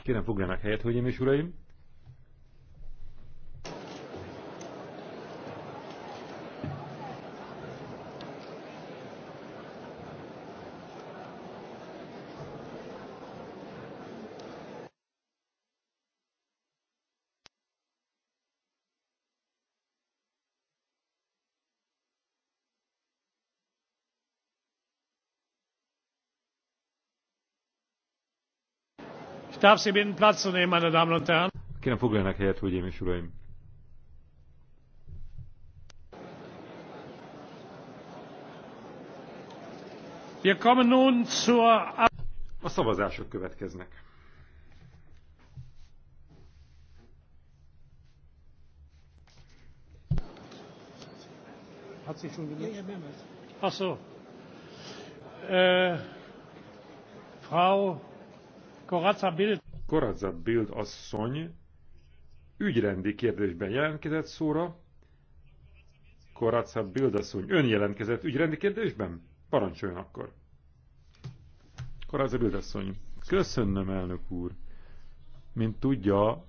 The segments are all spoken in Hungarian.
Kérem foglaljanak helyet, hölgyeim és uraim! Darf Sie bitten Platz zu nehmen, meine Damen und Herren? Kérem foglaljanak helyet, hölgyeim és uraim. Wir kommen nun zur... A szavazások következnek. Hat sie schon gelöst? Ach so. Äh, Frau Koratza Bild. Koratza Bild asszony ügyrendi kérdésben jelentkezett szóra. Koratza Bild asszony ön jelentkezett ügyrendi kérdésben? Parancsoljon akkor. Koratza Bild asszony. Köszönöm, elnök úr. Mint tudja,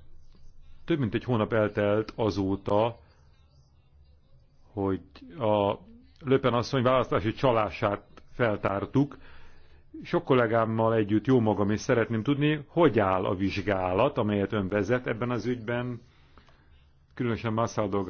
több mint egy hónap eltelt azóta, hogy a Löpen asszony választási csalását feltártuk, sok kollégámmal együtt, jó magam is szeretném tudni, hogy áll a vizsgálat, amelyet ön vezet ebben az ügyben, különösen Massaldo